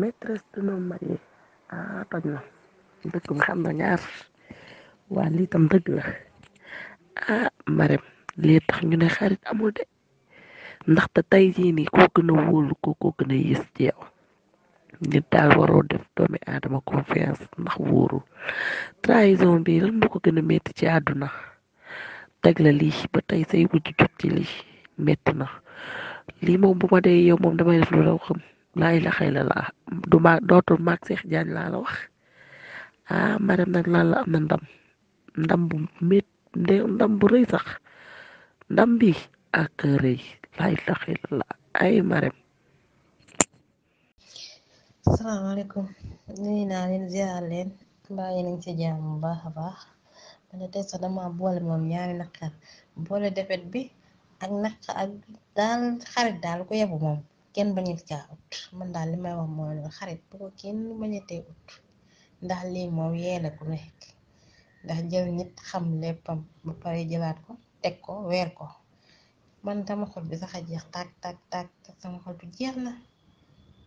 maîtresse d'un homme marié ah toj na dëkk xam na ñaar waa lii tam dëgg la ah Marème lii tax ñu ne xarit amul de ndaxte tey jii nii koo gën a wóolu ko koo gën a yées daal waroo def doomi aadama confiance ndax wóorul trahison bi lan moo ko gën a metti ci àdduna teg la lii ba tey say wujj jot ci metti na lii moom bu ma dee yow moom damay def lu raw xam laa ilaha illallah du ma dootul maag Cheikh Diagne laa la wax ah Marème nag laa la na ndam ndam bu mét ndam bu rëy sax ndam bi ak rëy laa ilaha illallah ay Marème. salaamaaleykum nuyu naa leen ziar leen mbaa yéen a ngi ci jàmm bu baax a baax man de tey sax dama boole moom ñaari bi ak naq ak daal xarit daal ku yebu moom. kenn bañu caa ut man daal li may wax xarit bu ko kenn bañatee ut ndax li moom yeena ku nekk ndax jël xam léppam ba pare jëlaat ko teg ko weer ko man sama xol bi sax a jeex tàkk tàkk tàkk sama xol bi jeex na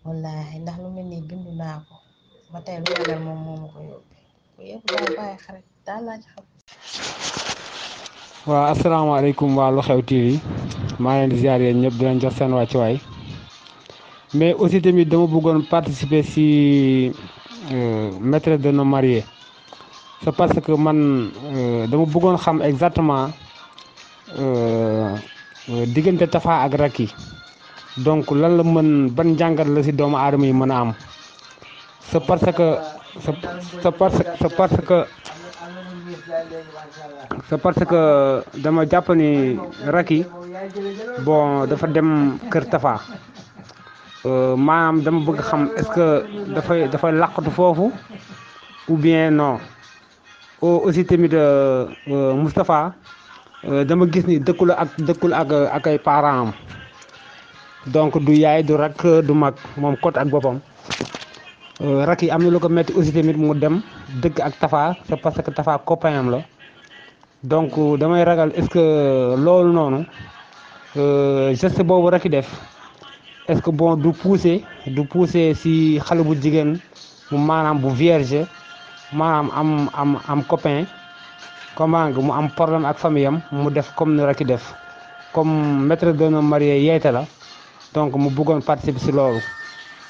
wallaahi ndax lu mel nii bindu naa ko ba lu mel moom moo ma ko yóbbee ku yëpp daa bàyyi xarit daal laa ci xam. waaw asalaamaaleykum waa Lu Xew TV maa leen di ziar yéen ñëpp di leen jox seen mais aussi tamit dama bëggoon participer ci euh, maîtresse de no mariés c'est parce que man euh, dama buggoon xam exactement euh, diggante Tapha ak Racky donc lan la mën ban njàngat la ci doomu aadama yi mën a am c'est parce que c'est parce c'est parce que c'est parce que dama jàpp ni Racky bon dafa dem kër Tapha Euh, maanaam dama bëgg xam est-ce que dafay dafay làqatu foofu ou bien non aussi tamit euh, euh, Moustapha dama gis ni dëkkul ak dëkkul ak ak ay parents am donc du yaay du rak du mag moom kot ak boppam rak yi am na lu ko metti aussi tamit mu dem dëkk ak tafaa c'est parce que Tafa copain am la donc damay ragal est-ce que loolu noonu geste boobu rak yi def. est bon du pousser du pousser si xale bu jigéen mu maanaam bu vierge maanaam am am am comment mu am problème ak famille am mu def comme ni rek def comme maître d'un homme marié yeete la donc mu buggoon participer si loolu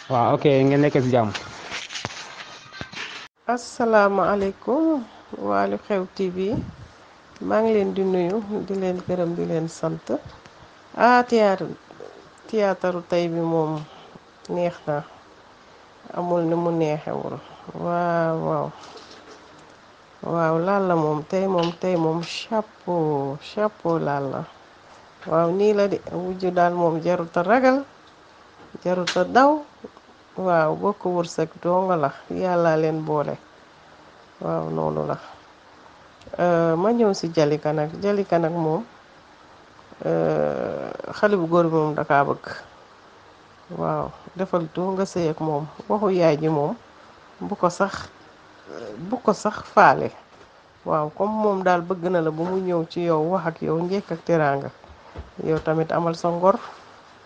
waaw ok ngeen nekk si jàmm. asalaamaaleykum waa Lu Xew TV maa ngi leen di nuyu leen gërëm di leen sant ah théâtre tiyaataru tey bi moom neex na amul ni mu neexewul waaw waaw waaw la moom tey moom tey moom chapeau chapeau la waaw nii la de wujju daal moom jaruta ragal jaruta daw waaw bokk wërsëg doonga la yàlla leen boole waaw noonu la euh, ma ñëw si Jalika nag Jalika nag moom euh, xale bu góor bi moom dakaa bëgg waaw defal doo nga sëy ak moom waxu yaay ji moom bu ko sax bu ko sax faale waaw comme moom daal bëgg na la ba mu ñëw ci yow wax ak yow njekk ak teraanga yow tamit amal sa ngor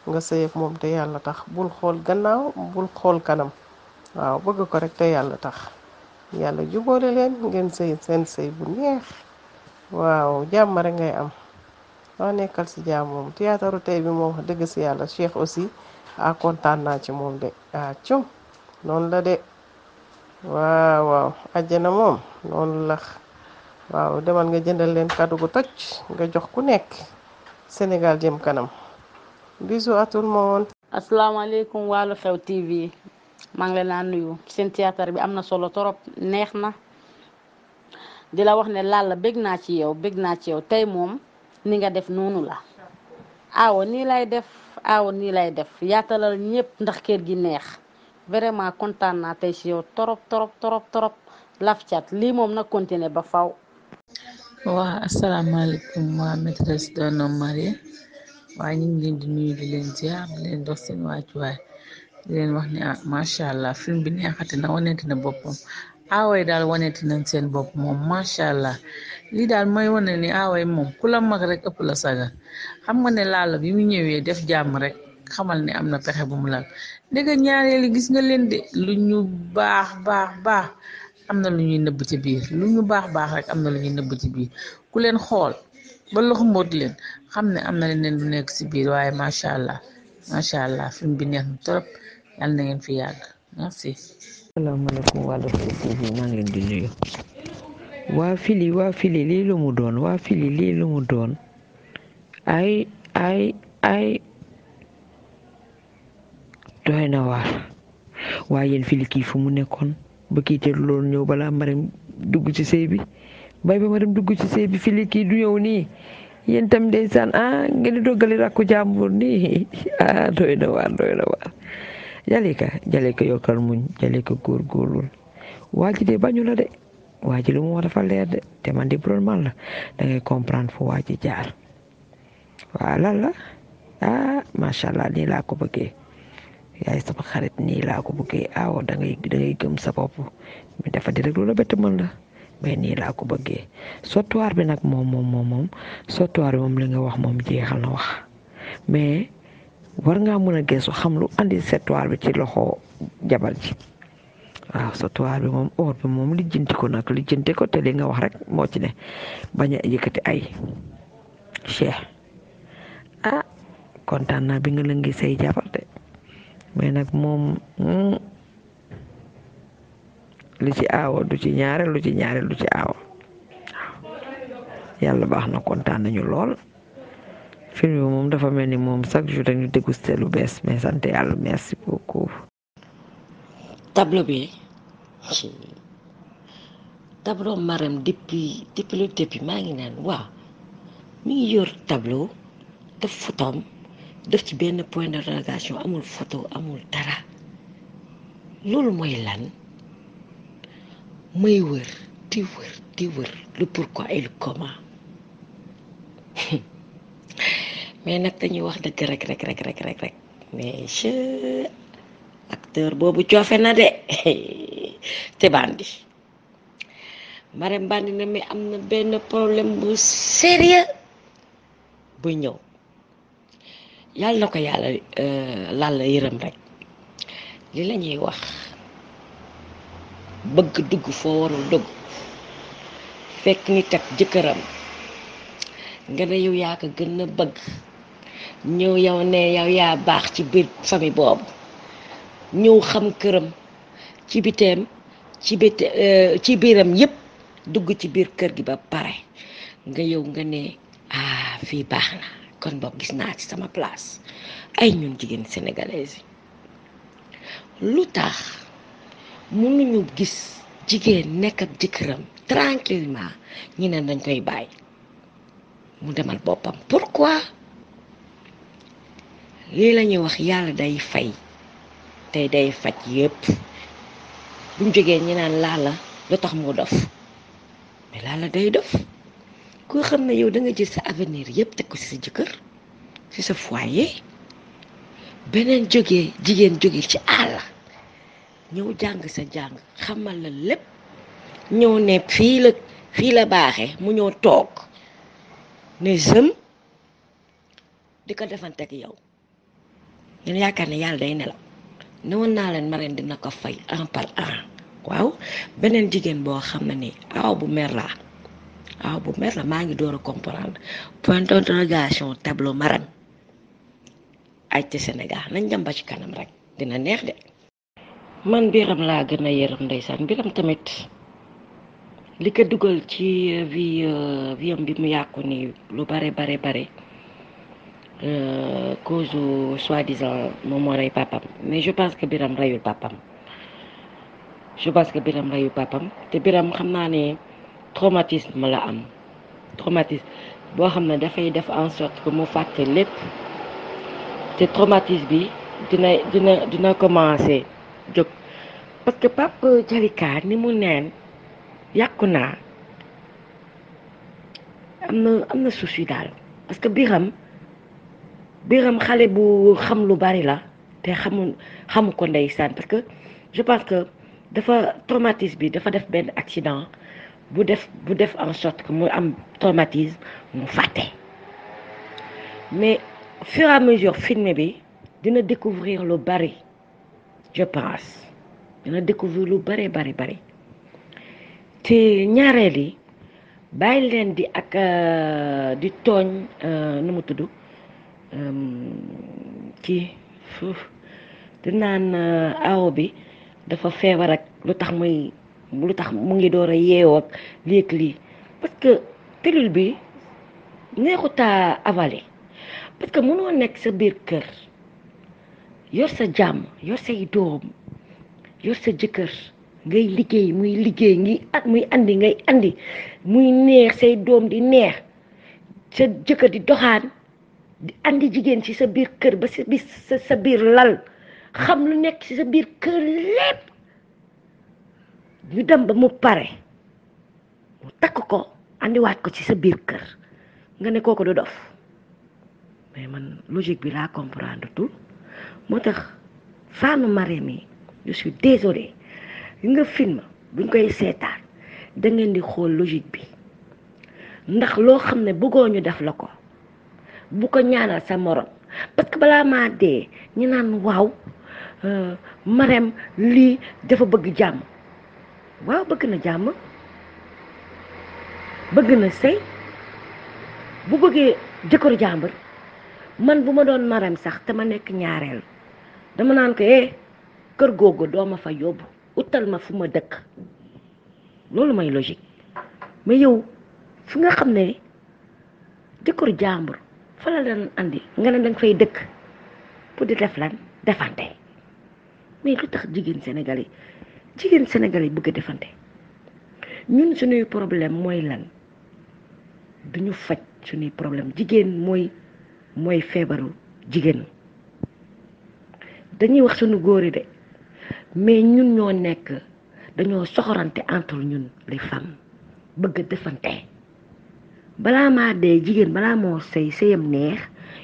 nga sëy ak moom te yàlla tax bul xool gannaaw bul xool kanam waaw bëgg ko rek te yàlla tax yàlla jubóole leen ngeen sëy seen sëy bu neex waaw jàmm ngay am loo nekkal si jàmm moom théâtre tey bi moom wax dëgg si yàlla aussi ah kontaan naa ci moom de ah cum noonu la de waaw waaw àjjana moom noonu la waaw demal nga jëndal leen kàddu gu toj nga jox ku nekk Sénégal jëm kanam bisous à tout le monde. asalaamaaleykum Xew TV maa ngi leen nuyu seen théâtre bi am na solo trop neex na di la wax ne la bég naa ci yow bég naa ci yow tey moom. ni nga def noonu la aawo nii lay def aawo nii lay def yaatalal ñëpp ndax kër gi neex vraiment kontaan naa tey si yow torop torop torop torop laf cat lii moom na continuer ba faw waa asalaamaaleykum waa maîtresse d'un homme marié waaye ñu ngi leen di nuyu di leen ziar leen dox seen waajuwaay leen wax ne ah macha allah film bi neexati na woneeti na boppam aaway daal waneti nañ seen bopp moom macha allah lii daal mooy wane ni aaway moom ku la mag rek ëpp la saga xam nga ne laala bi mu ñëwee def jàmm rek xamal ne am na pexe bu mu lal dégga ñaareeli gis nga leen de lu ñu baax baax baax am na lu ñuy nëbb ci biir lu ñu baax baax rek am na lu ñuy nëbb ci ku leen xool ba loxo mboot leen xam ne am na leen leneen lu nekk ci biir waaye macha allah macha allah film bi neex na trop yàlla fi yàgg merci salaamaaleykum waa Louga TV maa ngi leen di nuyu waa fili waa fili lii lu mu doon waa fili lii lu mu doon ay ay ay doy na waar waa yéen fili kii fu mu nekkoon ba kii te loolu ñëw balaa Marème dugg ci sëy ba Marème dugg ci sëy bi fili kii du ñëw nii yéen tam ndeysaan ah ngeen di doggali rakku jàmbur nii ah doy na waar doy na waar jalika jalika yokkal muñ jalika góor góorlul ji de bañu la de waa ji lu mu wax dafa leer de te man di bu la dangay ngay comprendre fu waa ji jaar waa lan la ah macha allah nii laa ko bëggee yaay sama xarit nii laa ko bëggee awo da da ngay gëm sa bopp mu defa di rek loola bett mën la mais nii laa ko bëggee sottuwaar bi nag moom moom moom moom sottuwaar bi moom li nga wax moom jeexal na wax mais. war ngaa mën a geesu xam lu andi sa bi ci loxo jabar ji waaw sa bi moom or bi moom lijjanti ko nag lijjante ko te li nga wax rek moo ci ne bañ a yëkkati ay cheikh ah kontaan naa bi nga la say jabar de mais nag moom hmm, lu ci aawa du ci ñaare lu ci ñaare lu ci aawa yàlla baax na kontaan nañu lool. moom dafa mel ni moom chaque jour dañu dégusté lu bees mais sant yàlla merci beaucoup. tableau bi tableau Marème depuis depuis le début maa ngi naan waaw mi ngi yor tableau def photom def ci benn point de d'interrogation amul photo amul dara loolu mooy lan may wër di wër di wër le pourquoi et comment. mais nag dañuy wax dëgg rek rek rek rek rek rek mais je boobu coofe na de te bandi Marème Bandi na mais am na benn problème bu sérieux bu ñëw yàlla na ko yàlla euh, lalla yërëm rek li lañuy wax bëgg dugg foo warul dugg fekk nit ak jëkkëram nga ne yaa ko gën a bëgg ñëw yow ne yow yaa baax ci biir fami boobu ñëw xam këram ci biteem ci bite euh, ci biiram yépp dugg ci biir kër gi ba pare nga yow nga ne ah, fii baax na kon boog gis naa ci sama place ay ñun jigéen sénégalaises yi lu tax mënuñu gis jigéen nekk ak këram tranquillement ñi ne dañ koy bàyyi mu demal boppam pourquoi lii lañuy wax yàlla day fay tey day faj yépp buñ jógee ñi naan laala lu tax mu dof mais laala day dof koo xam ne yow danga nga jël sa avenir yépp teg ko ci sa jëkkër ci sa foyer beneen jógee jigéen jóge ci àll ñëw jàng sa jàng xamal la lépp ñëw ne fii la fii la baaxe mu ñëw toog ne jëm di ko defante ak yow ngeen yaakaar ne yàlla day nelaw ne naa leen marraine dina ko fay un par waaw beneen jigéen boo xam ne ni aw bu mer la aw bu mer la maa ngi door a comprendre point d'interrogation tableau marraine ay ci Sénégal nañ dem ba ci kanam rek dina neex de man biram laa gën a yërëm ndeysaan biram tamit li ko dugal ci vie euh, vie bi mu yàqu nii lu bare bare bare Euh, cause soi-disant moom moo rey papam mais je pense que Biram reyul papam je pense que Biram reyul papam te Biram xam naa ne traumatisme la am traumatisme boo xam ne dafay def en sorte que mu fàtte lépp te traumatisme bi dina dina dina commencer jóg parce que Pape Jalika ni mu neen yàqu naa am na am na souci daal parce que Biram bi ram xale bu xam lu bari la te xamu xamu ko ndeysaan parce que je pense que dafa traumatisme bi dafa def benn accident bu def bu def en sot que mu am traumatisme mu fàtte mais fur et à mesure film bi dina découvrir lu bari je pense dina découvrir lu bari bari bari te ñaareel yi bàyyi leen di ak euh, di tooñ euh, nu mu tudd. ci foofu di naan euh, awo bi dafa feebar ak lu tax muy lu tax mu ngi door a yeewoo ak lii lii parce que pilule bi neexutaa avalé parce que mënoo nekk sa biir kër yor sa jàmm yor say doom yor sa jëkkër ngay liggéey muy liggéey ngi at muy andi ngay andi muy neex say doom di neex sa jëkkër di doxaan di andi jigéen ci sa biir kër ba si bis sa biir lal xam lu nekk ci sa biir kër lépp ñu dem ba mu pare mu takk ko andiwaat ko ci sa biir kër nga ne ko du dof mais man logique bi laa comprendre tout moo tax femme Marème mi je suis désolée nga film buñ koy seetaan da ngeen di xool logique bi ndax loo xam ne bëggoo ñu def la ko bu ko ñaanal sa morom parce que balaa maa dee ñu naan waaw euh, Marème lii dafa bëgg jàmm waaw bëgg na jàmm bëgg na sëy bu bëggee jëkkër jàmbur man bu ma doon Marème sax te ma nekk ñaareel dama naan ko eh kër googu doo ma fa yóbbu utal ma fu ma dëkk loolu mooy logique mais yow fi nga xam ne jëkkër jàmbur fa la leen andi nga ne danga fay dëkk pour di def lan defante mais lu tax jigéen Sénégal yi jigéen Sénégal yi bëgg defante ñun suñuy problème mooy lan duñu faj suñuy problème jigéen mooy mooy feebaru jigéen dañuy wax suñu góor yi de mais ñun ñoo nekk dañoo soxorante entre ñun les femmes bëgg defante balaa maa dee jigéen balaa moo sëy sëyam neex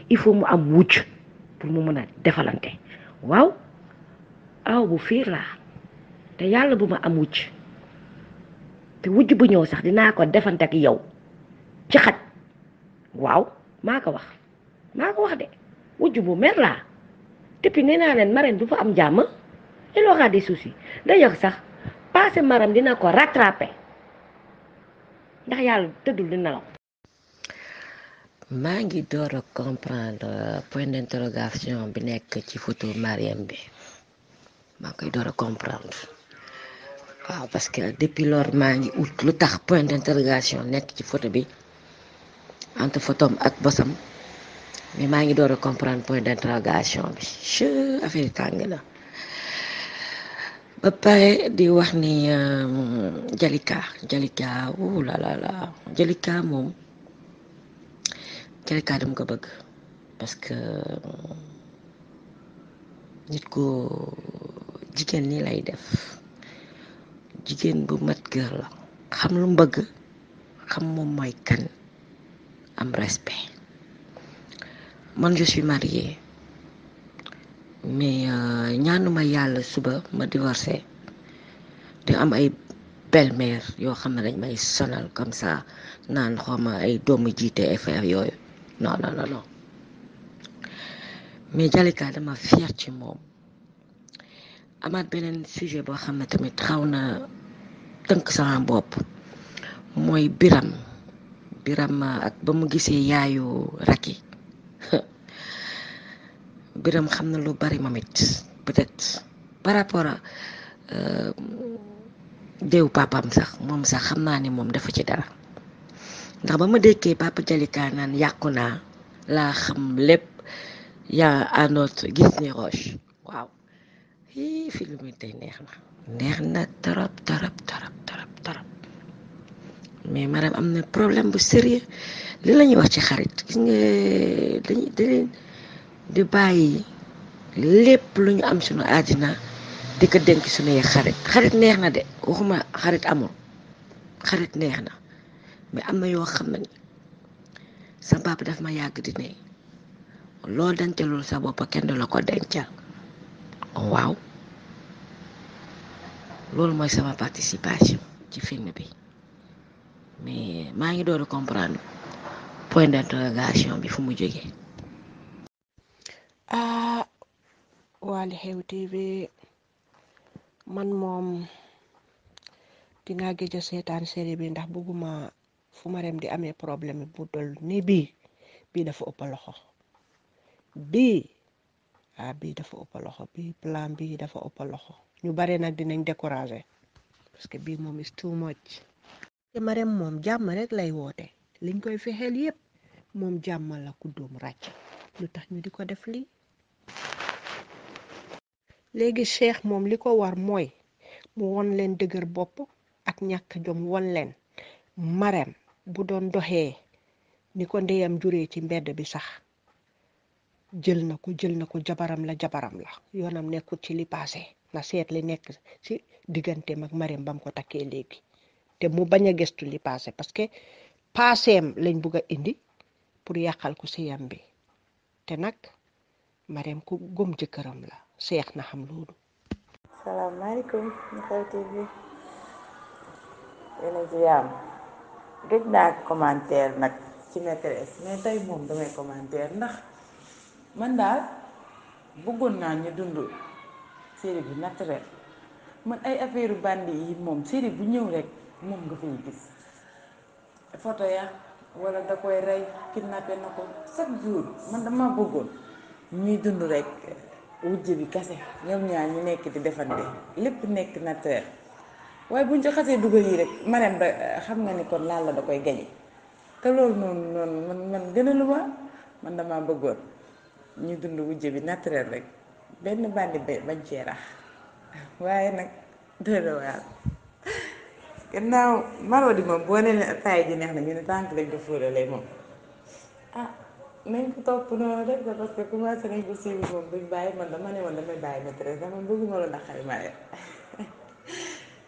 il faut mu am wujj pour mu mën a defalante waaw aw bu fiir laa te yàlla bu ma am wujj te wujj bu ñëw sax dinaa ko defante ak yow ci xaj waaw maa ko wax maa ko wax de wujj bu mer laa depuis nee naa leen marraine du fa am jàmm il aura des soucis d'ailleurs sax passé maram dina ko ratrape ndax yàlla tëddul di nelaw maa ngi door a comprendre euh, point d'interrogation bi nekk ci photo Mariam bi maa ngi koy door a comprendre waaw parce que depuis lors maa ngi ut lu tax point d'interrogation nekk ci photo bi entre photo ak bosam mais maa ngi door a comprendre point d'interrogation bi che affaire tàng la ba pare di wax ni euh, Jalika Jalika wuu la la la moom. quelqu'un dama ko bëgg parce que euh, nit ko jigéen nii lay def jigéen bu mat gër la xam lu mu bëgg xam moom mooy kan am respect man je suis mariée mais euh, ma yàlla suba ma divorcé di am ay belle-mère yoo xam ne dañ may sonal comme sa naan xawma ay doomu jiite affaire yooyu non non non non mais Jalika dama fier ci moom amaat beneen sujet boo xam na tamit xaw na tënk sama bopp mooy biram biram ak ba mu gisee yaayu Racky biram xam na lu bari moom it par rapport à euh, papam sax moom sax xam naa ni moom dafa ci dara ndax ba ma dékkee Papa Jalika naan yàqu naa laa xam lépp yaa anoot gis ni roche waaw hii film bi tey neex na neex na torop torop torop torop torop mais madame am na problème bu sérieux li la ñuy wax ci xarit gis nga dañuy da leen di bàyyi lépp lu ñu am suñu àddina di ko dénk suñuy xarit xarit neex na de waxuma xarit amul xarit neex na mais am na yoo xam ne sa papa daf ma yàgg di ne loo dencalul sa bopp kenn du la ko dencal waaw loolu mooy sama participation ci film bi mais maa ngi doon comprendre point d'interrogation bi fu mu jógee. ah Lou Xew TV man moom dinaa gëj a seetaan série bi ndax bëgguma fu ma di amee problème bu dol ni bii bii dafa ëpp loxo bii ah, bii dafa ëpp loxo bii plan bii dafa ëpp loxo ñu bare nag dinañ découragé parce que bii moom is too much te Marème moom jàmm rek lay woote liñ koy fexeel yépp moom jàmm la ku dóom ràcc lu tax ñu di ko def lii léegi cheikh moom li ko war mooy mu won leen dëgër bopp ak ñàkk jom won leen Marème bu doon doxee ni ko ndeyam juree ci mbedd bi sax jël na ko jël na ko jabaram la jabaram la yoonam nekkut ci li passé na seet li nekk ci diggante ak Mariam bam ko takkee léegi te mu bañ a gestu li paase parce que passeem lañ bugg a indi pour yàqal ko sëyam bi te nag Mariam ku gëm jëkkëram la seex na xam loolu. salaamaaleykum ñu xew TV yéen a gëj naa commentaire nag ci maîtresse mais tey moom damay commentaire ndax man daal bëggoon naa ñu dund série bi naturel man ay affaire bandi yi moom série bu ñëw rek moom nga fay gis photo ya wala da koy rey kidnappé na ko chaque jour man dama bëggoon ñuy dund rek wujj bi kase ñoom ñaar ñu nekk di defante lépp nekk naturel waaye buñ ci xasee dugal yi rek manem ba eh, xam nga ni kon laal la da koy gañe te loolu noonu noonu man man gën lu ma man damaa bëggoon ñu dund wujje bi naturel rek benn ba bañ cee rax waaye nag doy waar gannaaw Marodi moom boo nee ne taay ji neex na ñu ne tànk lañ ko fóoralee moom ah nañ ko topp noonu rek parce que commencé nañ ko siiw moom buñ bàyyi man dama ne woon damay bàyyi maîtresse dama bëgguma la naqari ma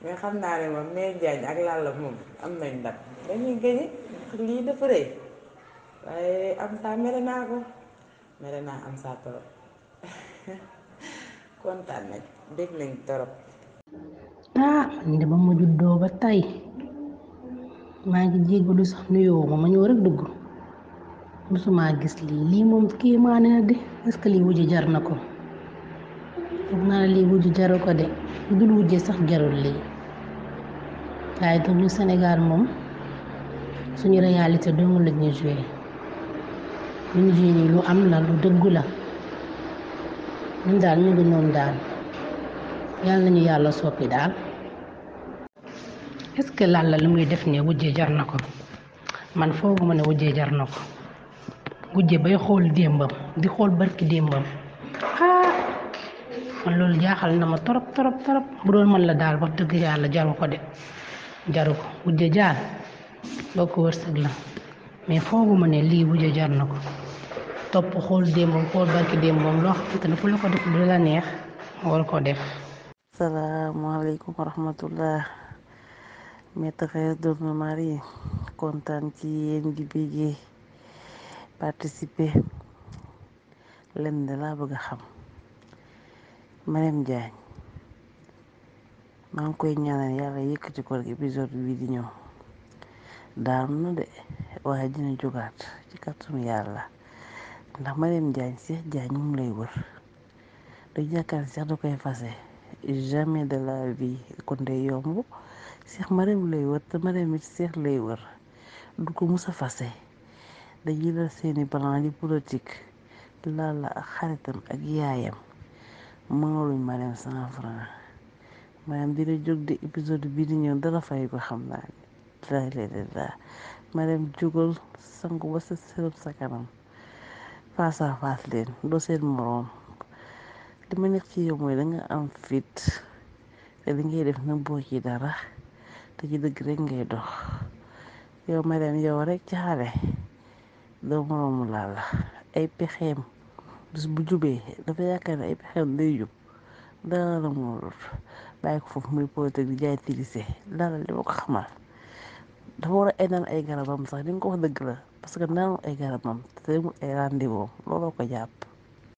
mais xam naa ne moom Mère Diagne ak Lalla moom am nañ ndam dañuy gëñe lii dafa rëy waaye am saa mere naa ko mere am saa torop kontaan nañ dégg nañ torop ah man de ba ma juddoo ba tey maa ngi jéggalu sax nuyoo ma ma ñëw rek dugg musuma gis lii lii moom kii maa ne na de est lii wujje jar na ko foog naa lii wujje jaru ko de dul wujje sax jarul lii waaye du ñu Sénégal moom suñu réalité dong la ñuy joué lu am na lu dëggu la ñun daal ñu ngi noonu daal yàlla nañu yàlla soppi daal. est-ce que Lalla lu muy def ne wujje jar na ko man fooguma ne wujje jar na ko wujje bay xool démbam di xool barki démbam ah man loolu jaaxal na ma torop torop torop bu doon mën la daal wax dëgg yàlla jaru ko de. jaru ko wujje jaal bokk wërsëg la mais fooguma ne lii wujje jar na ko topp xool démbam xool barki démbam loo xamante ne fu la ko def du la neex war ko def salaamaaleykum wa rahmatullah Maître Kheuss Doudou Marie kontaan ci yéen di béggee participer lenn laa bëgg a xam Marème Diagne maa ngi koy ñaanal yàlla yëkkati ko ak épisode bi di ñëw daanu na de waaye dina jógaat ci kàttanu yàlla ndax Mariam Diagne Cheikh Diagne mu lay wër du jàkkaar Cheikh da koy fase jamais de la vie kon day yomb Cheikh Mariam lay wër te Mariam it Cheikh lay wër du ko mus fase dañuy dal seeni plan di politique la ak xaritam ak yaayam ma Mariam cent franc maanaam dina jóg de épisode bii di ñëw dala fay xam naa ne dara léeg-léeg daal ma dem jógal sangu ba sa sa kanam face à leen doo seen moroom li ma nekk ci yow mooy da am fit te def na boo ci dara te ci dëgg rek ngay dox yow ma dem yow rek ci xale doo moroomu laal la ay pexeem dafa yaakaar ne ay pexeem jub. dara la mu warul bàyyi ko foofu muy politique di jaay tirise dara li ma ko xamal dafa war a ay naan ay garabam sax li nga ko wax dëgg la parce que naanul ay garabam te demul ay rendez-vous looloo ko jàpp.